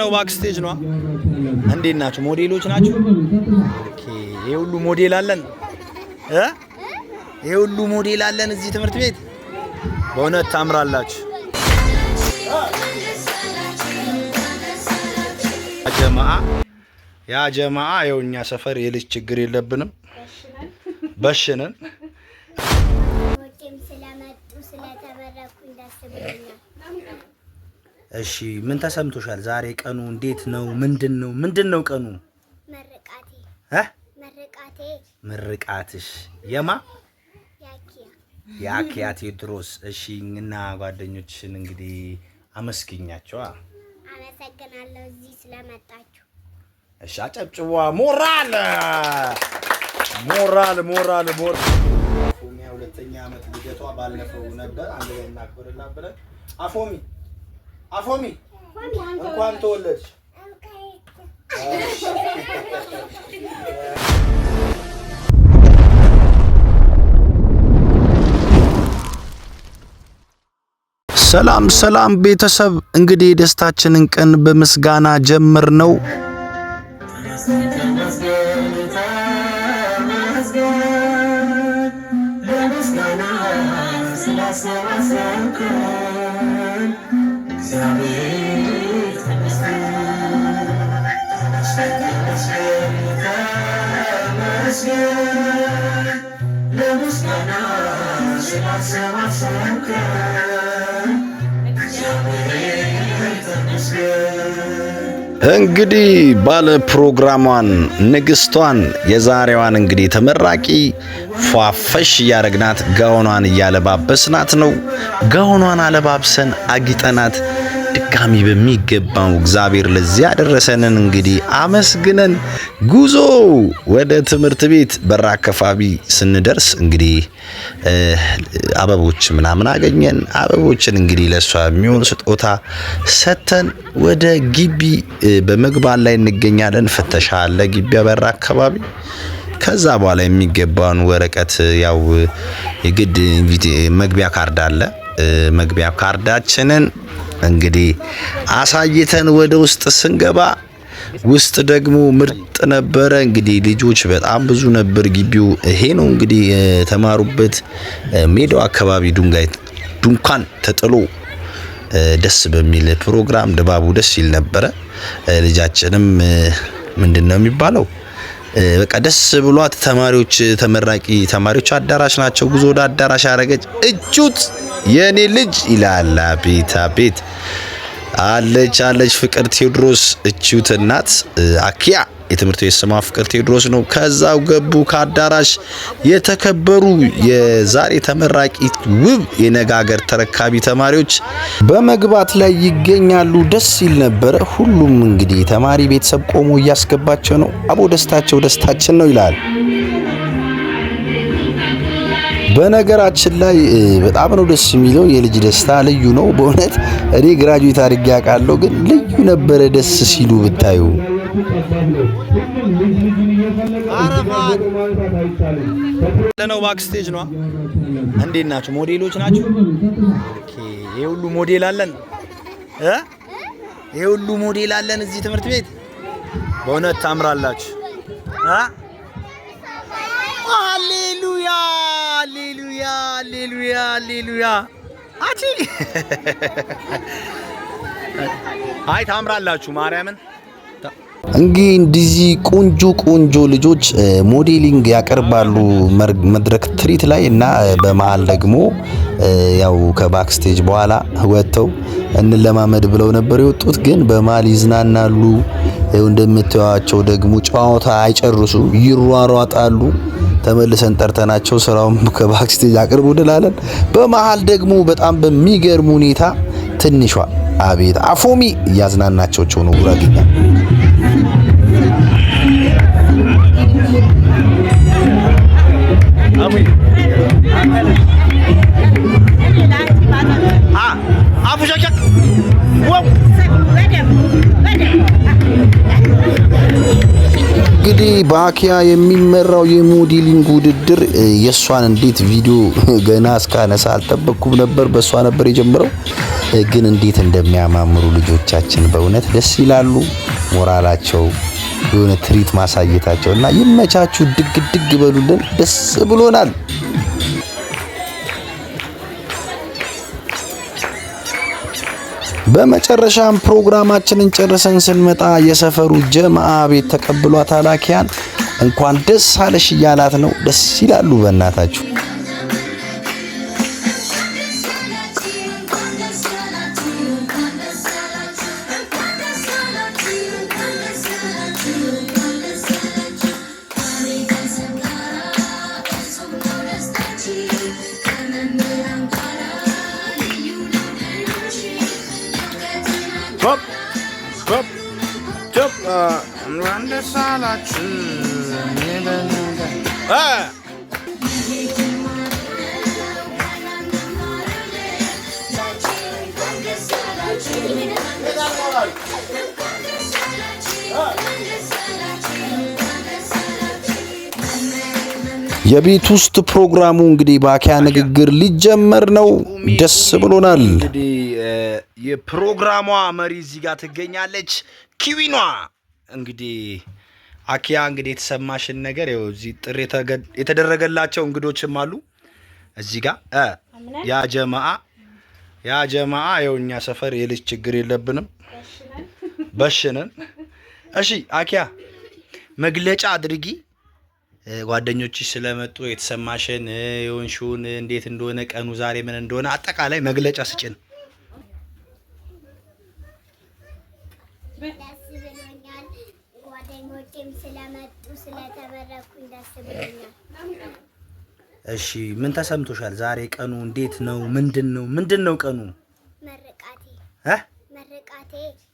ነው ባክስቴጅ ነው። እንዴት ናቸው? ሞዴሎች ናችሁ ይሄ ሁሉ ሞዴል አለን እ ይሄ ሁሉ ሞዴል አለን እዚህ ትምህርት ቤት በእውነት ታምራላችሁ። ጀማአ ያ ጀማአ ያው እኛ ሰፈር የልጅ ችግር የለብንም፣ በሽነን እሺ ምን ተሰምቶሻል? ዛሬ ቀኑ እንዴት ነው? ምንድን ነው ምንድን ነው ቀኑ? ምርቃቴ እ ምርቃቴ ምርቃትሽ የማ የአኪያ ቴዎድሮስ። እሺ እና ጓደኞችን እንግዲህ አመስግኛቸው። አመሰግናለሁ እዚህ ስለመጣችሁ። እሺ አጨብጭቧ። ሞራል ሞራል ሞራል ሞራል ሁለተኛ ዓመት ልደቷ ባለፈው ነበር። አንድ ላይ እናክብርላት ብለን አፎሚ አፎሚ እንኳን ተወለድሽ። ሰላም ሰላም ቤተሰብ፣ እንግዲህ የደስታችንን ቀን በምስጋና ጀምር ነው። እንግዲህ ባለ ፕሮግራሟን ንግስቷን የዛሬዋን እንግዲህ ተመራቂ ፏፈሽ እያረግናት ጋውኗን እያለባበስናት ነው። ጋውኗን አለባብሰን አጊጠናት ድካሚ በሚገባው እግዚአብሔር ለዚህ ያደረሰንን እንግዲህ አመስግነን ጉዞ ወደ ትምህርት ቤት በራ አካባቢ ስንደርስ እንግዲህ አበቦች ምናምን አገኘን። አበቦችን እንግዲህ ለእሷ የሚሆን ስጦታ ሰጥተን ወደ ግቢ በመግባት ላይ እንገኛለን። ፍተሻ አለ ግቢ በራ አካባቢ። ከዛ በኋላ የሚገባውን ወረቀት ያው የግድ መግቢያ ካርድ አለ። መግቢያ ካርዳችንን እንግዲህ አሳይተን ወደ ውስጥ ስንገባ ውስጥ ደግሞ ምርጥ ነበረ። እንግዲህ ልጆች በጣም ብዙ ነበር ግቢው። ይሄ ነው እንግዲህ የተማሩበት ሜዳው አካባቢ ድንጋይ ድንኳን ተጥሎ ደስ በሚል ፕሮግራም ድባቡ ደስ ይል ነበረ። ልጃችንም ምንድን ነው የሚባለው በቃ ደስ ብሏት ተማሪዎች ተመራቂ ተማሪዎች አዳራሽ ናቸው ጉዞ ወደ አዳራሽ ያደረገች እጁት የእኔ ልጅ ይላል። አቤት አቤት አለች አለች ፍቅር ቴዎድሮስ እችዩት እናት አኪያ የትምህርት ቤት ስሟ ፍቅር ቴዎድሮስ ነው። ከዛው ገቡ ከአዳራሽ የተከበሩ የዛሬ ተመራቂ ውብ የነጋገር ተረካቢ ተማሪዎች በመግባት ላይ ይገኛሉ። ደስ ይል ነበረ። ሁሉም እንግዲህ ተማሪ ቤተሰብ ቆሞ እያስገባቸው ነው። አቦ ደስታቸው ደስታችን ነው ይላል። በነገራችን ላይ በጣም ነው ደስ የሚለው። የልጅ ደስታ ልዩ ነው በእውነት እኔ ግራጁዌት አድርጌ አውቃለሁ፣ ግን ልዩ ነበረ ደስ ሲሉ ብታዩ። ለነው ባክስቴጅ ነው። እንዴት ናችሁ? ሞዴሎች ናችሁ? ይሄ ሁሉ ሞዴል አለን ይሄ ሁሉ ሞዴል አለን እዚህ ትምህርት ቤት በእውነት ታምራላችሁ። ሃሌሉያ አሌሉያ አሌሉያ። አቺ አይ ታምራላችሁ ማርያምን እንግዲህ እንደዚህ ቆንጆ ቆንጆ ልጆች ሞዴሊንግ ያቀርባሉ መድረክ ትርኢት ላይ እና በመሀል ደግሞ ያው ከባክስቴጅ በኋላ ወጥተው እንለማመድ ብለው ነበር የወጡት። ግን በመሀል ይዝናናሉ። እንደምታዩዋቸው ደግሞ ጨዋታ አይጨርሱ፣ ይሯሯጣሉ። ተመልሰን ጠርተናቸው ስራውን ከባክስቴጅ አቅርቡ እንላለን። በመሀል ደግሞ በጣም በሚገርም ሁኔታ ትንሿ አቤት አፎሚ እያዝናናቸው ቸው ነው ጉራጌኛ እንግዲህ በአኪያ የሚመራው የሞዴሊንግ ውድድር የእሷን እንዴት ቪዲዮ ገና እስካነሳ አልጠበቅኩም ነበር። በእሷ ነበር የጀምረው። ግን እንዴት እንደሚያማምሩ ልጆቻችን በእውነት ደስ ይላሉ። ሞራላቸው የሆነ ትርኢት ማሳየታቸው እና ይመቻችሁ፣ ድግ ድግ በሉልን። ደስ ብሎናል። በመጨረሻም ፕሮግራማችንን ጨርሰን ስንመጣ የሰፈሩ ጀማአ ቤት ተቀብሏት አላኪያን እንኳን ደስ አለሽ እያላት ነው። ደስ ይላሉ በእናታችሁ የቤት ውስጥ ፕሮግራሙ እንግዲህ በአኪያ ንግግር ሊጀመር ነው። ደስ ብሎናል። እንግዲህ የፕሮግራሟ መሪ እዚህ ጋር ትገኛለች ኪዊኗ እንግዲህ አኪያ እንግዲህ የተሰማሽን ነገር ያው እዚህ ጥሪ የተደረገላቸው እንግዶችም አሉ እዚህ ጋር ያ ጀማአ ያ ጀማአ ያው እኛ ሰፈር የልጅ ችግር የለብንም በሽንን። እሺ አኪያ መግለጫ አድርጊ ጓደኞች ስለመጡ የተሰማሽን የሆንሽውን እንዴት እንደሆነ ቀኑ ዛሬ ምን እንደሆነ አጠቃላይ መግለጫ ስጭን። እሺ ምን ተሰምቶሻል? ዛሬ ቀኑ እንዴት ነው? ምንድን ነው ምንድን ነው ቀኑ? ምርቃቴ ምርቃቴ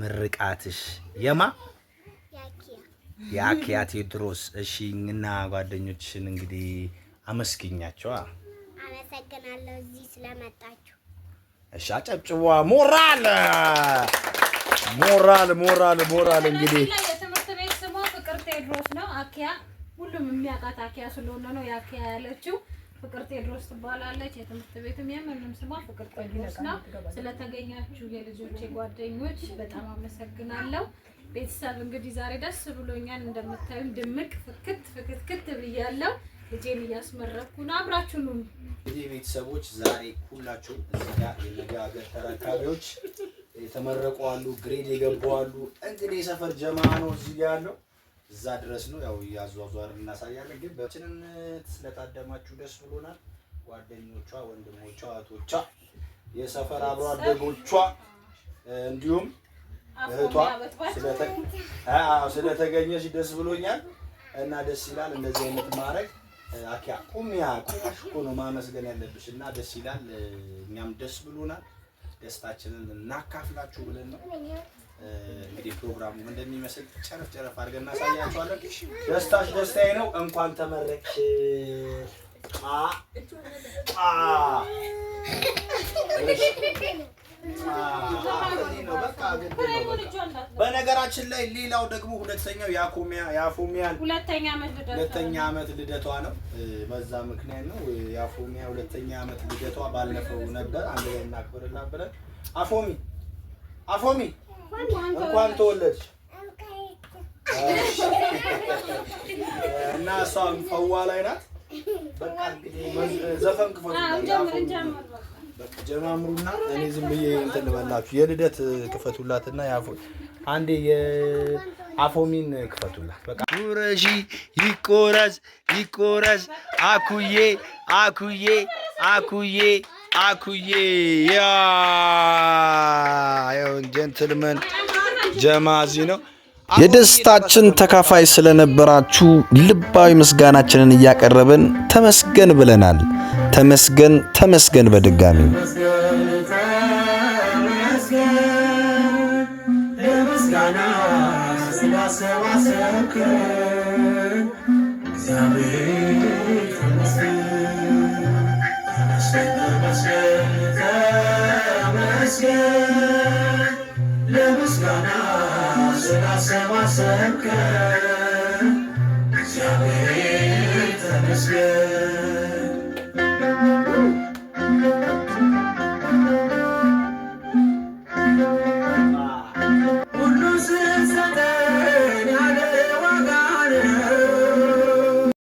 ምርቃትሽ የማ የአኪያ ቴድሮስ እሺ እና ጓደኞችን እንግዲህ አመስግኛቸው። አመሰግናለሁ እዚህ ስለመጣችሁ። እሺ አጨብጭቧ። ሞራል ሞራል ሞራል ሞራል እንግዲህ አኪያ ሁሉም የሚያውቃት አኪያ ስለሆነ ነው የአኪያ ያለችው። ፍቅር ቴድሮስ ትባላለች። የትምህርት ቤትም የምንም ስሟ ፍቅር ቴድሮስ ነው። ስለተገኛችሁ የልጆቼ ጓደኞች በጣም አመሰግናለሁ። ቤተሰብ እንግዲህ ዛሬ ደስ ብሎኛል። እንደምታዩም ድምቅ ፍክት ፍክትክት ብያለሁ። ልጄን እያስመረኩ ነው። አብራችሁ እንግዲህ ቤተሰቦች፣ ዛሬ ሁላችሁም እዚጋ የነገ ሀገር ተረካቢዎች የተመረቁ አሉ፣ ግሬድ የገቡ አሉ። እንግዲህ የሰፈር ጀማ ነው እዚጋ ያለው እዛ ድረስ ነው ያው እያዟዟር እናሳያለን። ግን በችንን ስለታደማችሁ ደስ ብሎናል። ጓደኞቿ፣ ወንድሞቿ፣ እህቶቿ፣ የሰፈር አብሮ አደጎቿ እንዲሁም እህቷ ስለተገኘች ደስ ብሎኛል እና ደስ ይላል። እንደዚህ አይነት ማድረግ አኪያ ቁሚያ ቁሚያ እኮ ነው ማመስገን ያለብሽ እና ደስ ይላል። እኛም ደስ ብሎናል። ደስታችንን እናካፍላችሁ ብለን ነው። እንግዲህ ፕሮግራሙ እንደሚመስል ጨረፍ ጨረፍ አድርገን እናሳያችኋለን። ደስታሽ ደስታዬ ነው። እንኳን ተመረቅሽ። በነገራችን ላይ ሌላው ደግሞ ሁለተኛው የአፎሚያን ሁለተኛ ዓመት ልደቷ ነው። በዛ ምክንያት ነው የአፎሚያ ሁለተኛ ዓመት ልደቷ ባለፈው ነበር። አንድ ላይ እናክብርላት ብለን አፎሚ አፎሚ እንኳን ተወለድሽ እና እሷም ፈዋ ላይ ናት። በቃ ዘፈን ክፈት ጀማምሩና እኔ ዝም ብዬ እንትን ልበላችሁ። የልደት ክፈቱላትና አንዴ የአፎሚን ክፈቱላት። በቃ ጉረሺ ይቆረስ ይቆረስ፣ አኩዬ አኩዬ አኩዬ አኩዬ። ያ ጀንትልመን ጀማዚ ነው። የደስታችን ተካፋይ ስለነበራችሁ ልባዊ ምስጋናችንን እያቀረብን ተመስገን ብለናል። ተመስገን ተመስገን። በድጋሚ ለምስጋና